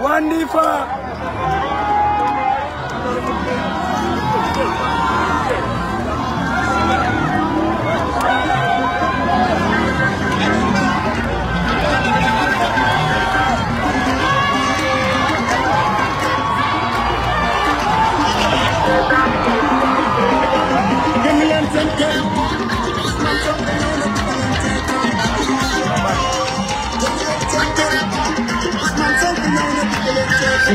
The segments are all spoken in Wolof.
Wandifa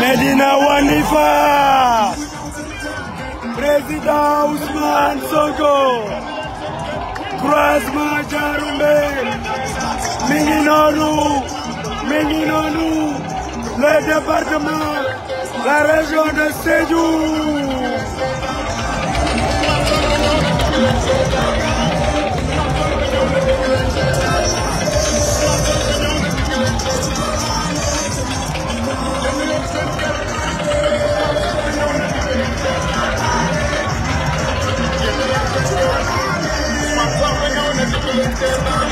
Medina Wanifa. President Usman Sonko, Prasma Jarumbe, Mininonu, Mininonu, le département, la région de Sédou. Thank you.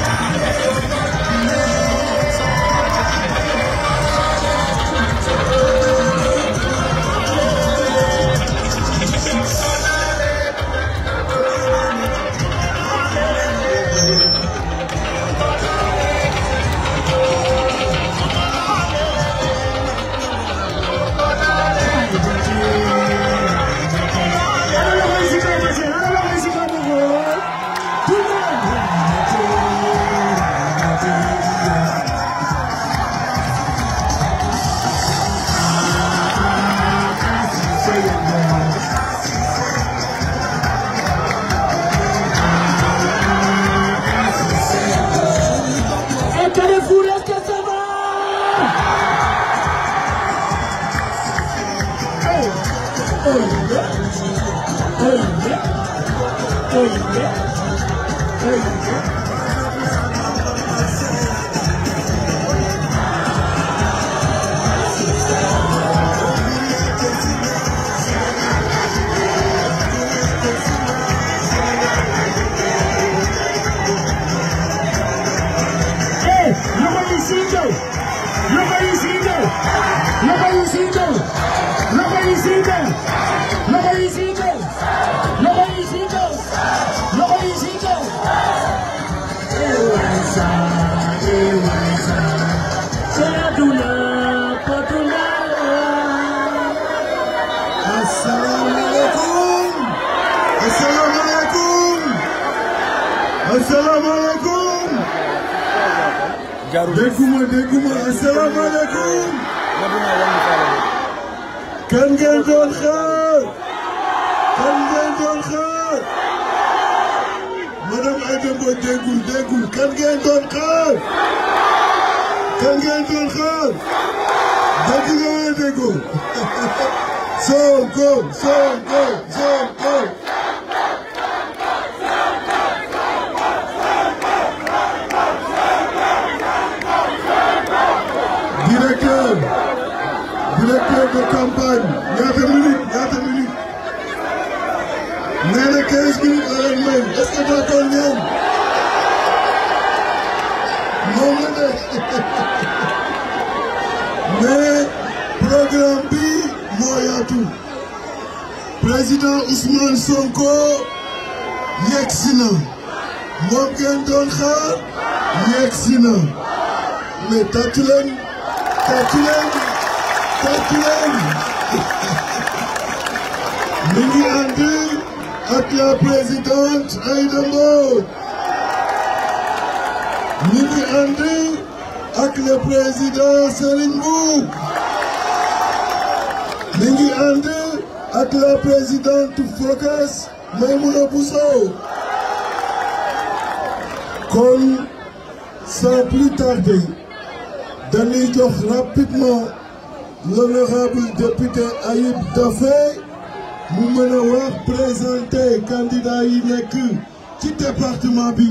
Nobody's eating! Nobody's eating! asalaamaaleykum. jaarul dégguma dégguma asalaamaaleykum. kan ngeen doon xaar. kan ngeen doon xaar. madame Aïda Mbodj déggul déggul kan ngeen doon xaar. kan ngeen doon xaar. dégg nga wala déggoo. Sonko Sonko Sonko. pour campagne ñaata minute ñaata minute nee na 15 minutes la leen may est ce que d'accord ngeen bi moo yaatu président Sonko yegg si na moom ngeen doon xaar yegg si na mais tàccu leen tàccu leen quatrième, Mini avec la présidente Aïda Midi Mini Andy avec le président Serine Boub. Mini Andy avec la présidente Focas Maïmouna Bousso. Comme sans plus tarder, d'aller rapidement l'honorable député Aïb Tafé, nous venons le candidat qui qui département bi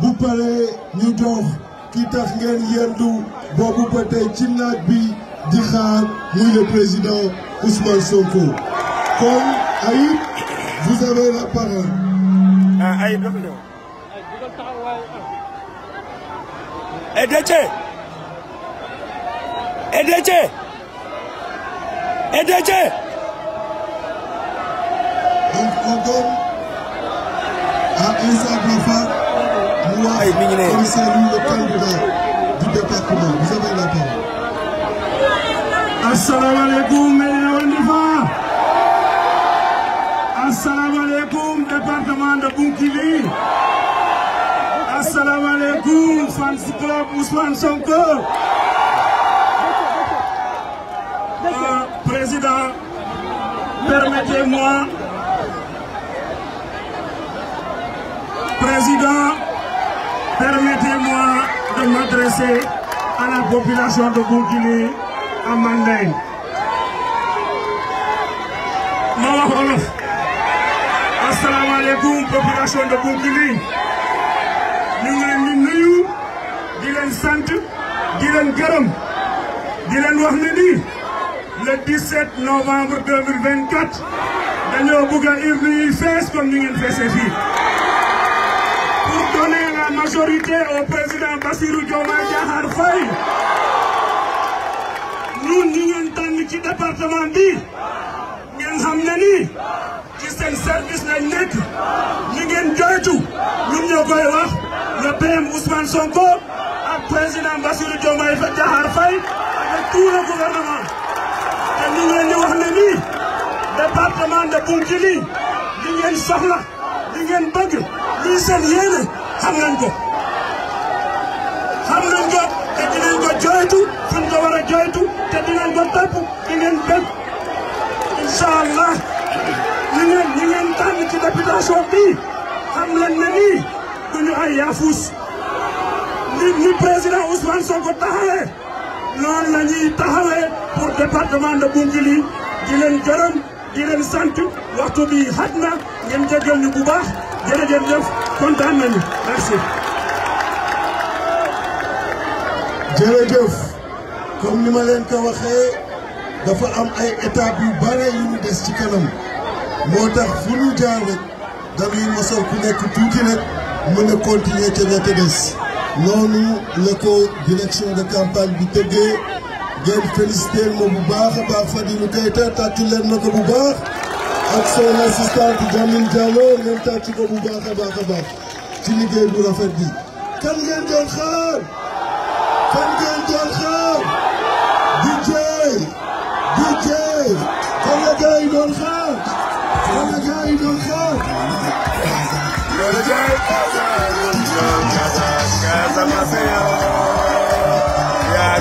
bu paré ñu dox ki tax ngeen yendu le président Ousmane Sonko comme Aïb, vous avez la parole. ah Aïb et eh, EDJ donc on donne à Issa moi, Mouaf comme c'est lui le candidat du département vous avez l'appel. parole Assalamu alaikum et on y Assalamu alaikum département de Bunkili Assalamu alaikum France club Ousmane Sonko Président, permettez-moi, Président, permettez-moi de m'adresser à la population de Burkini à Mandeng. Maman, Olof, Assalamu population de Burkini. Nous sommes les di nuyu di leen di leen le 17 novembre 2024 dañoo bëgg a urnes yi fees comme nous avons fait pour donner la majorité au président Bassirou Diomaye Diakhar nous ñun ñi ngeen ci département bi ngeen xam c'est ni ci service net nekk nous ngeen joytu ñun ñoo koy le PM Ousmane Sonko le président Bassirou Diomaye avec tout le gouvernement te li ngeen di wax ne nii département de Bounkiling li ngeen soxla li ngeen bëgg lii seen yéene xam nañ ko xam nañ ko te dinañ ko joytu fuñ ko war a joytu te dinañ ko topp di ngeen bëgg incha allah ñi ngeen ñi ngeen tànn ci députation bii xam nañ ne nii duñu ay yaafuus ni ni président Ousmane Sonko taxawee loolu la ñuy taxaw département de Bounkiling di leen gërëm di leen sant waxtu bi xat na ngeen jégal ñu bu baax jërëjëf jëf kontaan ni ma leen ko waxee dafa am ay étapes yu bare yu ñu des ci kanam moo tax fu ñu jaar rek dañuy mosal ku nekk tuuti rek mën a continuer ca ña ca des la ko direction de campagne bi tëggee. ngeen félicité ma bu baax a baax Fadilou Keita tàccu leen na ko bu baax ak son assistante Jamil Diallo ngeen tàccu ko bu baax a baax a baax ci liggéey bu rafet bi. kan ngeen doon di jeey di jeey kan la gars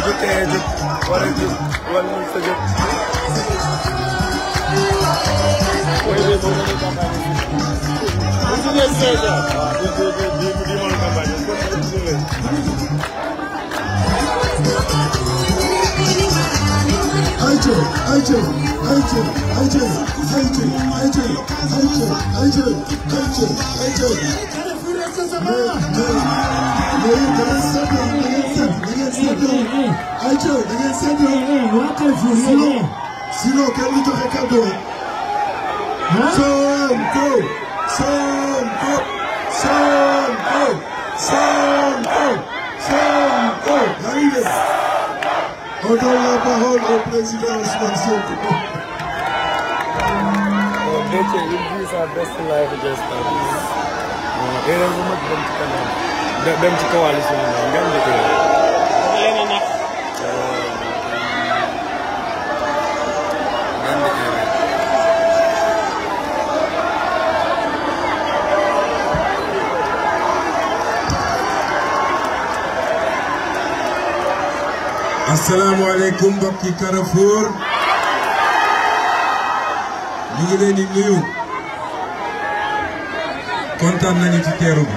ku tee jóg war a jóg war nañ sa jóg. booy bee boo mënee campagne bi. bu jugee seize heures. bu jugee bii bii mënul campagne bi kon bu jugee. ay cër ay cër ay cër ay cër ay cër ay cër ay cër ay cër ay cër ay cër. mais mais mais seetloo ayca da ngeen seetloo. waa Kalifou sinon sinon kenn du joxe kàddu waay. Sonko Sonko Sonko Sonko Sonko. yaa ngi dégg. on donne la parole au président Ousmane Sonko. Déthié il vit sa best life just now. réew bu mag dem ci kanam dem ci coalition bi nga asalaamaaleykum mbokki Carrefour ñu ngi leen di nuyu kontaan nañu ci teeru bi